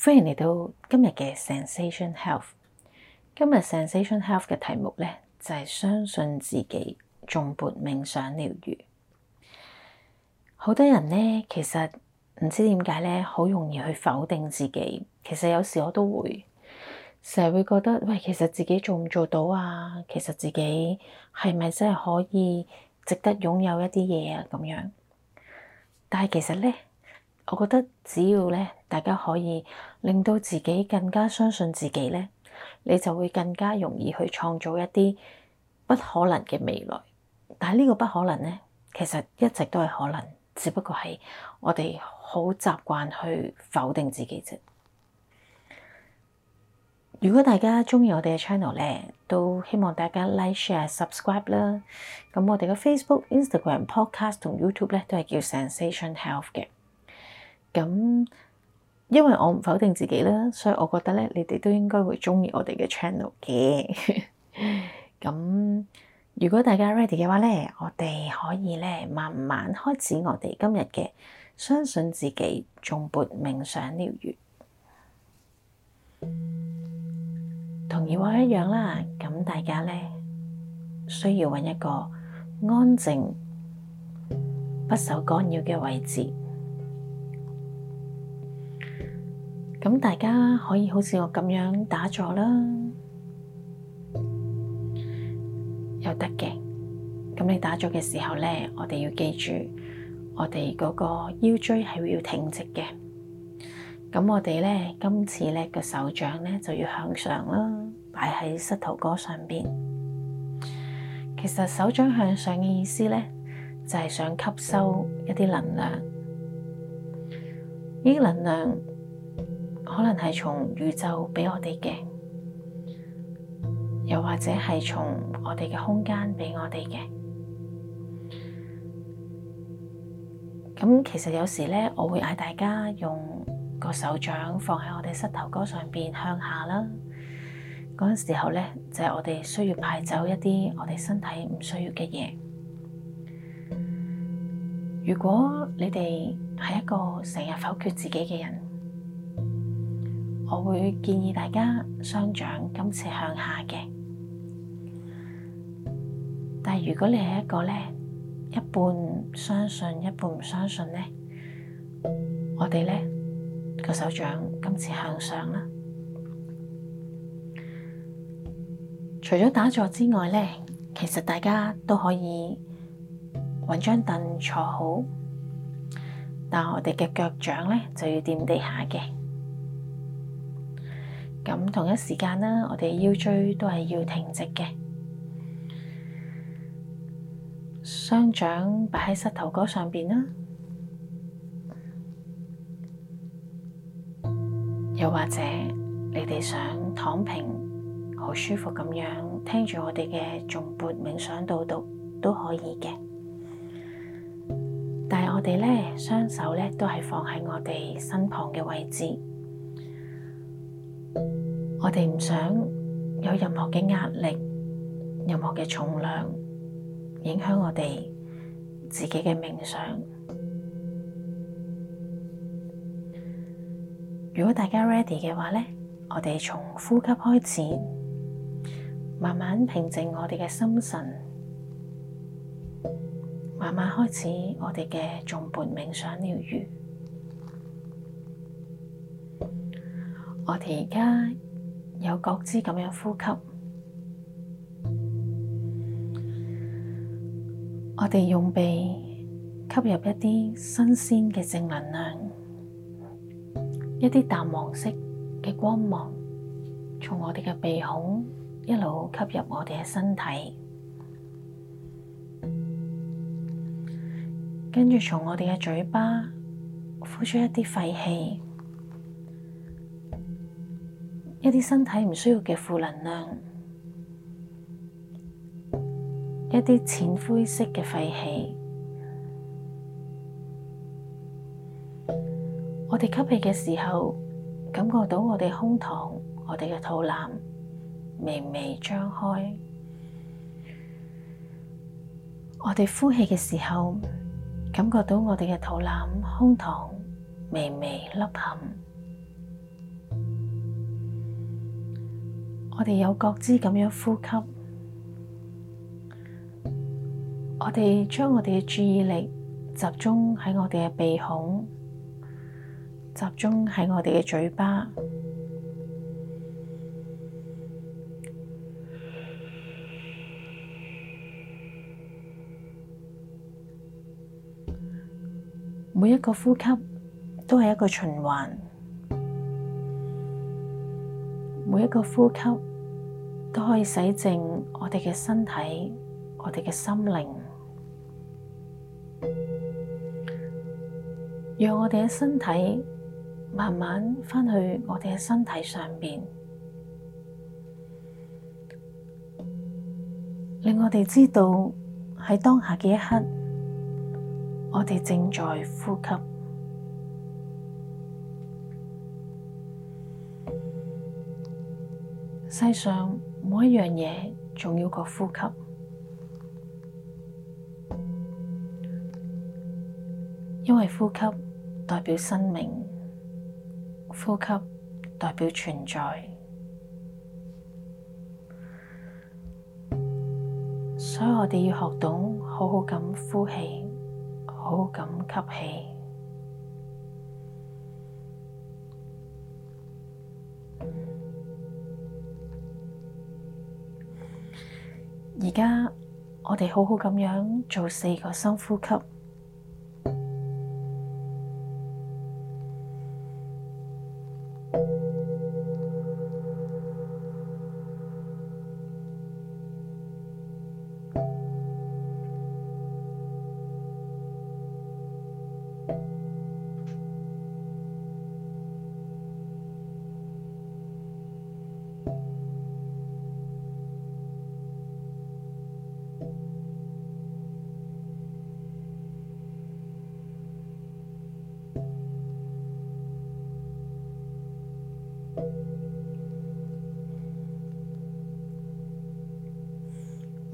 歡迎嚟到今日嘅 Zensation Health。今日 Zensation Health 嘅題目咧就係、是、相信自己，頌缽冥想療癒。好多人咧其實唔知點解咧，好容易去否定自己。其實有時我都會成日會覺得，喂，其實自己做唔做到啊？其實自己係咪真係可以值得擁有一啲嘢啊？咁樣。但係其實咧，我覺得只要咧，大家可以。令到自己更加相信自己咧，你就會更加容易去創造一啲不可能嘅未來。但係呢個不可能咧，其實一直都係可能，只不過係我哋好習慣去否定自己啫。如果大家中意我哋嘅 channel 咧，都希望大家 like、share、subscribe 啦。咁我哋嘅 Facebook、Instagram、Podcast 同 YouTube 咧都係叫 Zensation Health 嘅。咁。因為我唔否定自己啦，所以我覺得呢，你哋都應該會鍾意我哋嘅 channel 嘅。咁 如果大家 ready 嘅話呢，我哋可以呢，慢慢開始我哋今日嘅相信自己，頌缽冥想療癒。同以往一樣啦，咁大家呢，需要搵一個安靜、不受干擾嘅位置。咁大家可以好似我咁樣打坐啦，又得嘅。咁你打坐嘅時候咧，我哋要記住，我哋嗰個腰椎係會要挺直嘅。咁我哋咧，今次咧個手掌咧就要向上啦，擺喺膝頭哥上邊。其實手掌向上嘅意思咧，就係想吸收一啲能量，呢啲能量。可能係從宇宙俾我哋嘅，又或者係從我哋嘅空間俾我哋嘅。咁其實有時呢，我會嗌大家用個手掌放喺我哋膝頭哥上面向下啦。嗰陣時候呢，就係我哋需要排走一啲我哋身體唔需要嘅嘢。如果你哋係一個成日否決自己嘅人，我會建議大家雙掌今次向下嘅，但如果你係一個咧，一半相信一半唔相信咧，我哋咧個手掌今次向上啦。除咗打坐之外咧，其實大家都可以揾張凳坐好，但我哋嘅腳掌咧就要掂地下嘅。咁同一時間啦，我哋腰椎都係要挺直嘅，雙掌擺喺膝頭哥上邊啦，又或者你哋想躺平好舒服咁樣聽住我哋嘅頌缽冥想導讀都可以嘅，但係我哋呢雙手呢都係放喺我哋身旁嘅位置。我哋唔想有任何嘅壓力、任何嘅重量影響我哋自己嘅冥想。如果大家 ready 嘅話咧，我哋從呼吸開始，慢慢平靜我哋嘅心神，慢慢開始我哋嘅頌缽冥想療癒。我哋而家。有覺知咁樣呼吸，我哋用鼻吸入一啲新鮮嘅正能量，一啲淡黃色嘅光芒，從我哋嘅鼻孔一路吸入我哋嘅身體，跟住從我哋嘅嘴巴呼出一啲廢氣。一啲身體唔需要嘅負能量，一啲淺灰色嘅廢氣。我哋吸氣嘅時候，感覺到我哋胸膛、我哋嘅肚腩微微張開；我哋呼氣嘅時候，感覺到我哋嘅肚腩、胸膛微微凹陷。我哋有覺知咁樣呼吸，我哋將我哋嘅注意力集中喺我哋嘅鼻孔，集中喺我哋嘅嘴巴。每一個呼吸都係一個循環。每一個呼吸都可以洗淨我哋嘅身體，我哋嘅心靈，讓我哋嘅身體慢慢翻去我哋嘅身體上面，令我哋知道喺當下嘅一刻，我哋正在呼吸。世上冇一樣嘢重要過呼吸，因為呼吸代表生命，呼吸代表存在，所以我哋要學懂好好咁呼氣，好好咁吸氣。好好而家我哋好好咁樣做四個深呼吸。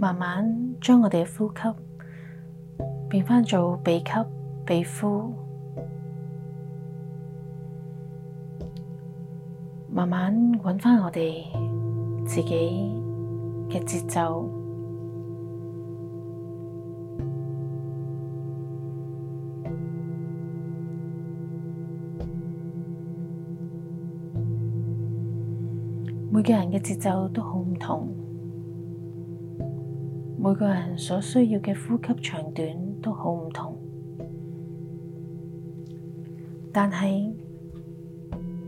慢慢將我哋嘅呼吸變翻做鼻吸鼻呼，慢慢搵翻我哋自己嘅節奏。每個人嘅節奏都好唔同。每個人所需要嘅呼吸長短都好唔同，但係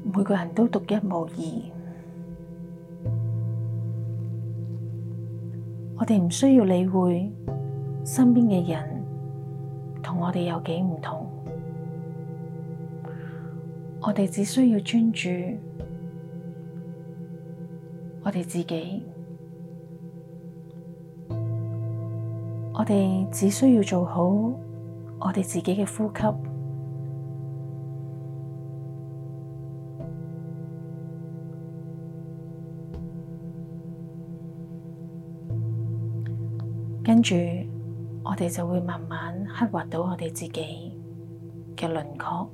每個人都獨一無二。我哋唔需要理會身邊嘅人同我哋有幾唔同，我哋只需要專注我哋自己。我哋只需要做好我哋自己嘅呼吸，跟住我哋就會慢慢刻畫到我哋自己嘅輪廓。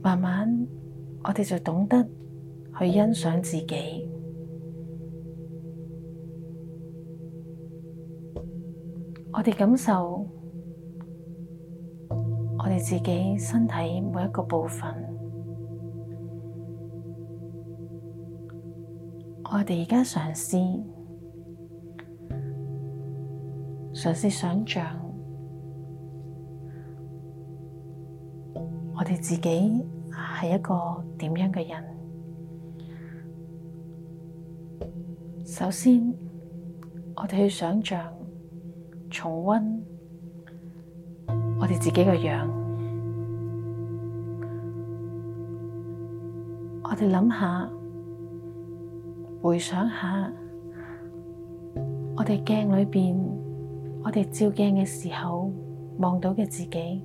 慢慢，我哋就懂得去欣賞自己。我哋感受我哋自己身體每一個部分，我哋而家嘗試嘗試想象我哋自己係一個點樣嘅人。首先，我哋去想象。重温我哋自己嘅樣，我哋諗下，回想下，我哋鏡裏邊，我哋照鏡嘅時候望到嘅自己，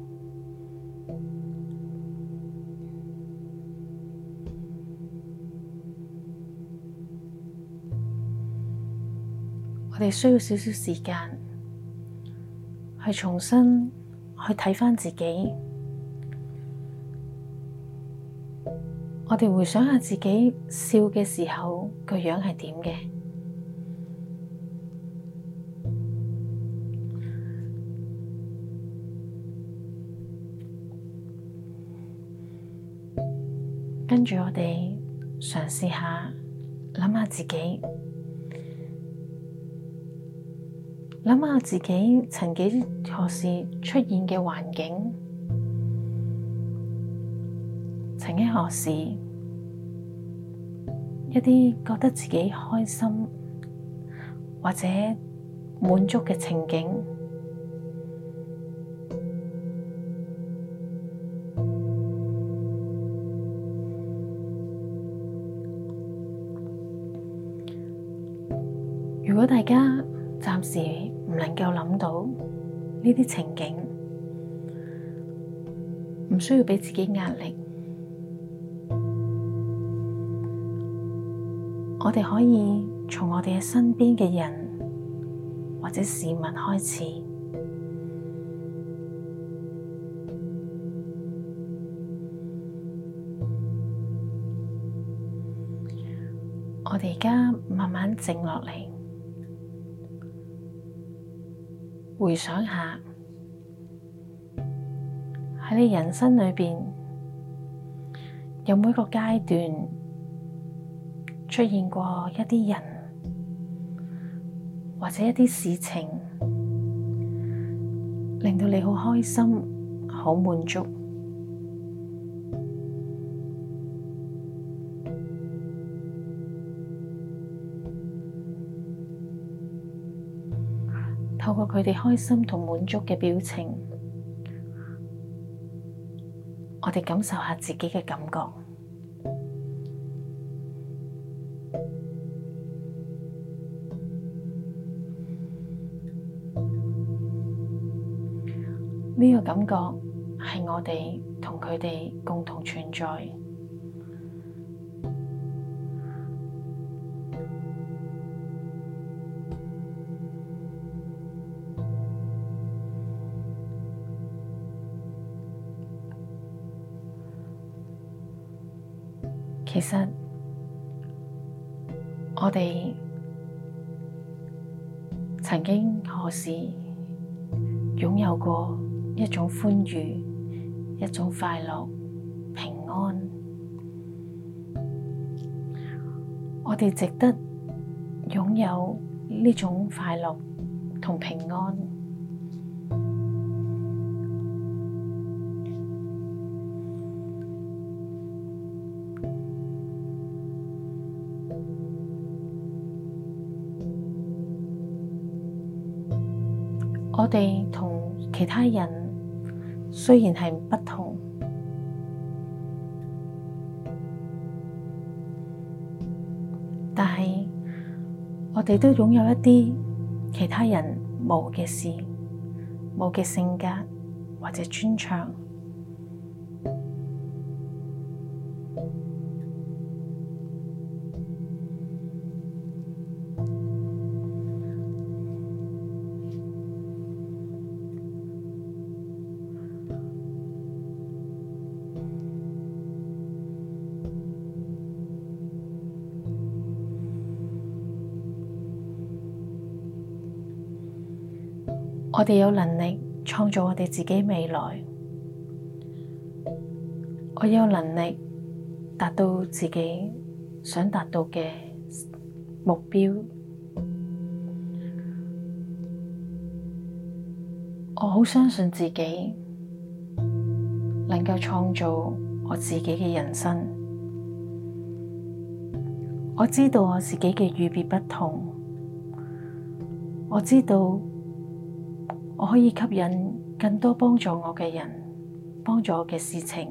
我哋需要少少時間。去重新去睇返自己，我哋回想下自己笑嘅時候個樣係點嘅，跟住我哋嘗試下諗下自己。諗下自己曾幾何時出現嘅環境，曾幾何時一啲覺得自己開心或者滿足嘅情景。如果大家暫時，能夠諗到呢啲情景，唔需要畀自己壓力。我哋可以從我哋嘅身邊嘅人或者市民開始。我哋而家慢慢靜落嚟。回想下，喺你人生裏邊，有冇一個階段出現過一啲人或者一啲事情，令到你好開心、好滿足。過佢哋開心同滿足嘅表情，我哋感受下自己嘅感覺。呢個感覺係我哋同佢哋共同存在。其實我哋曾經何時擁有過一種歡愉、一種快樂、平安？我哋值得擁有呢種快樂同平安。我哋同其他人雖然係唔同，但係我哋都擁有一啲其他人冇嘅事、冇嘅性格或者專長。我哋有能力創造我哋自己未來，我有能力達到自己想達到嘅目標，我好相信自己能夠創造我自己嘅人生。我知道我自己嘅與別不同，我知道。我可以吸引更多幫助我嘅人，幫助我嘅事情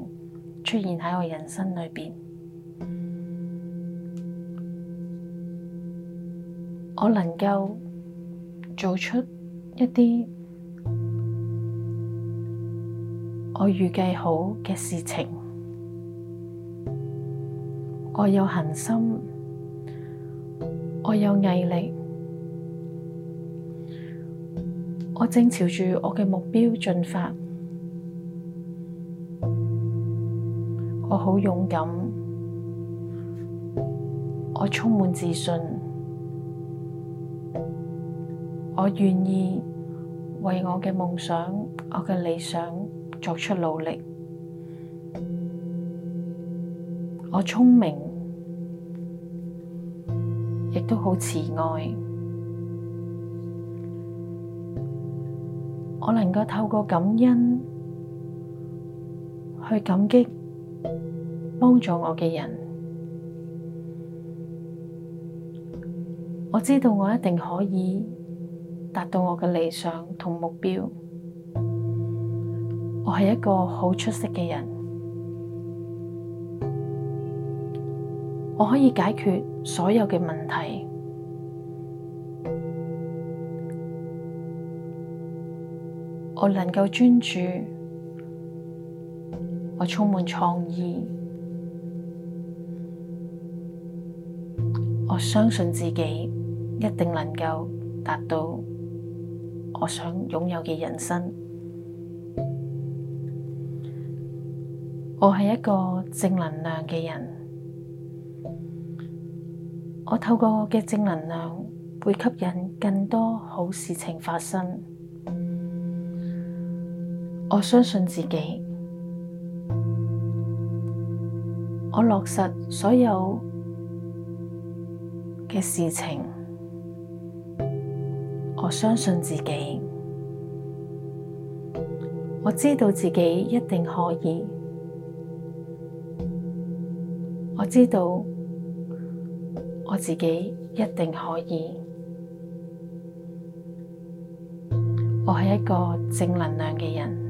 出現喺我的人生裏面。我能夠做出一啲我預計好嘅事情。我有恆心，我有毅力。我正朝住我嘅目標進發，我好勇敢，我充滿自信，我願意為我嘅夢想、我嘅理想作出努力，我聰明，亦都好慈愛。我能夠透過感恩去感激幫助我嘅人，我知道我一定可以達到我嘅理想同目標。我係一個好出色嘅人，我可以解決所有嘅問題。我能夠專注，我充滿創意，我相信自己一定能夠達到我想擁有嘅人生。我係一個正能量嘅人，我透過我嘅正能量會吸引更多好事情發生。我相信自己，我落實所有嘅事情。我相信自己，我知道自己一定可以。我知道我自己一定可以。我係一個正能量嘅人。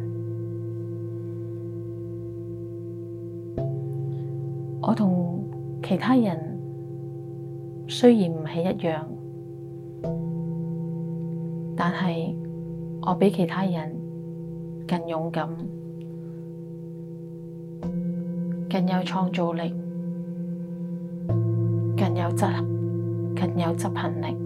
我同其他人雖然唔係一樣，但係我比其他人更勇敢、更有創造力、更有執行、更有執行力。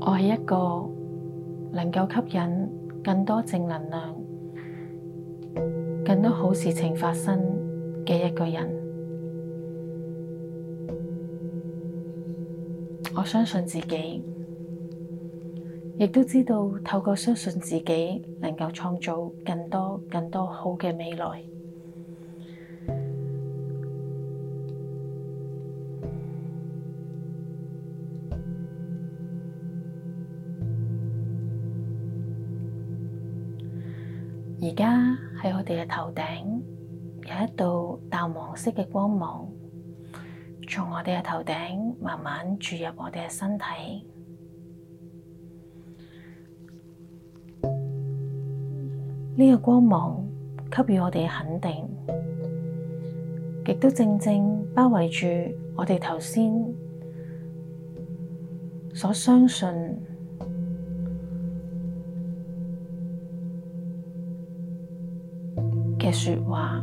我係一個能夠吸引。更多正能量，更多好事情發生嘅一個人，我相信自己，亦都知道透過相信自己，能夠創造更多更多好嘅未來。而家喺我哋嘅頭頂有一道淡黃色嘅光芒，從我哋嘅頭頂慢慢注入我哋嘅身體。呢個光芒給予我哋嘅肯定，亦都正正包圍住我哋頭先所相信嘅說話，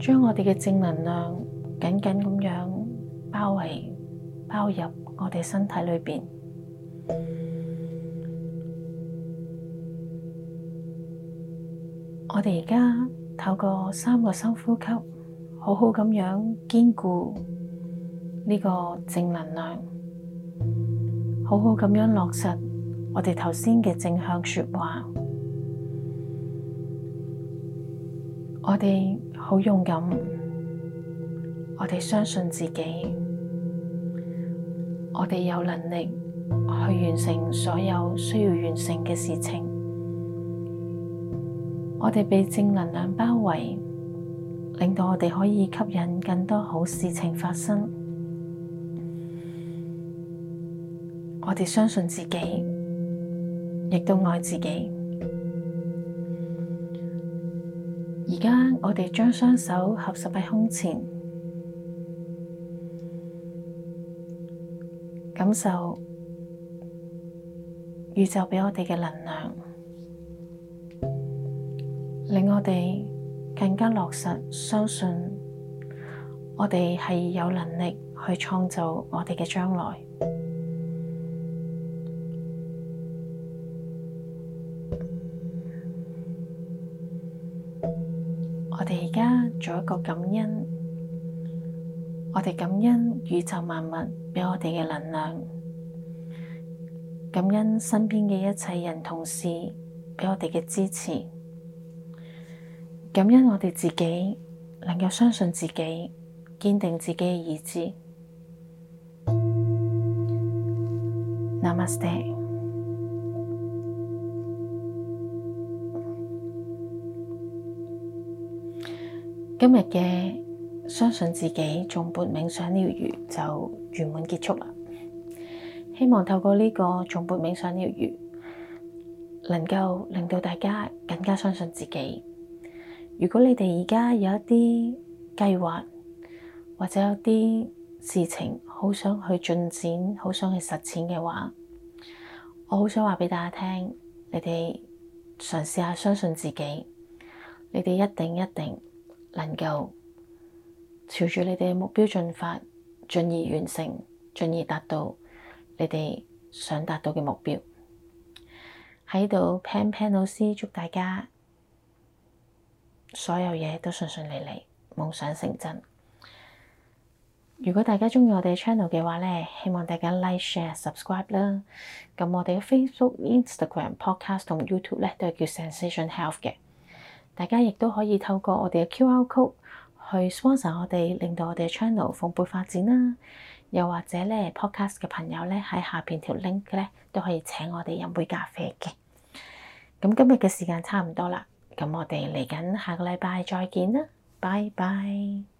將我哋嘅正能量緊緊咁樣包圍、包入我哋身體裏面。我哋而家透過三個深呼吸，好好咁樣堅固呢個正能量，好好咁樣落實。我哋頭先嘅正向說話，我哋好勇敢，我哋相信自己，我哋有能力去完成所有需要完成嘅事情。我哋被正能量包圍，令到我哋可以吸引更多好事情發生。我哋相信自己。亦都愛自己。而家我哋將雙手合十喺胸前，感受宇宙畀我哋嘅能量，令我哋更加落實相信，我哋係有能力去創造我哋嘅將來。做一個感恩，我哋感恩宇宙萬物畀我哋嘅能量，感恩身邊嘅一切人同事畀我哋嘅支持，感恩我哋自己能夠相信自己，堅定自己嘅意志。Namaste。今日嘅相信自己頌缽冥想療癒就圓滿結束啦。希望透過呢個頌缽冥想療癒，能夠令到大家更加相信自己。如果你哋而家有一啲計劃，或者有啲事情好想去進展，好想去實踐嘅話，我好想話俾大家聽，你哋嘗試下相信自己，你哋一定一定。能夠朝住你哋嘅目標進發，進而完成，進而達到你哋想達到嘅目標。喺度 p a 潘潘老師祝大家所有嘢都順順利利，夢想成真。如果大家鍾意我哋嘅 channel 嘅話咧，希望大家 like、share、subscribe 啦。咁我哋嘅 Facebook、Instagram、Podcast 同 YouTube 咧都係叫 Zensation Health 嘅。大家亦都可以透過我哋嘅 QR Code 去 sponsor 我哋，令到我哋嘅 channel 蓬勃發展啦。又或者呢 Podcast 嘅朋友呢，喺下面條 link 呢都可以請我哋飲杯咖啡嘅。咁今日嘅時間差唔多啦，咁我哋嚟緊下個禮拜再見啦，拜拜。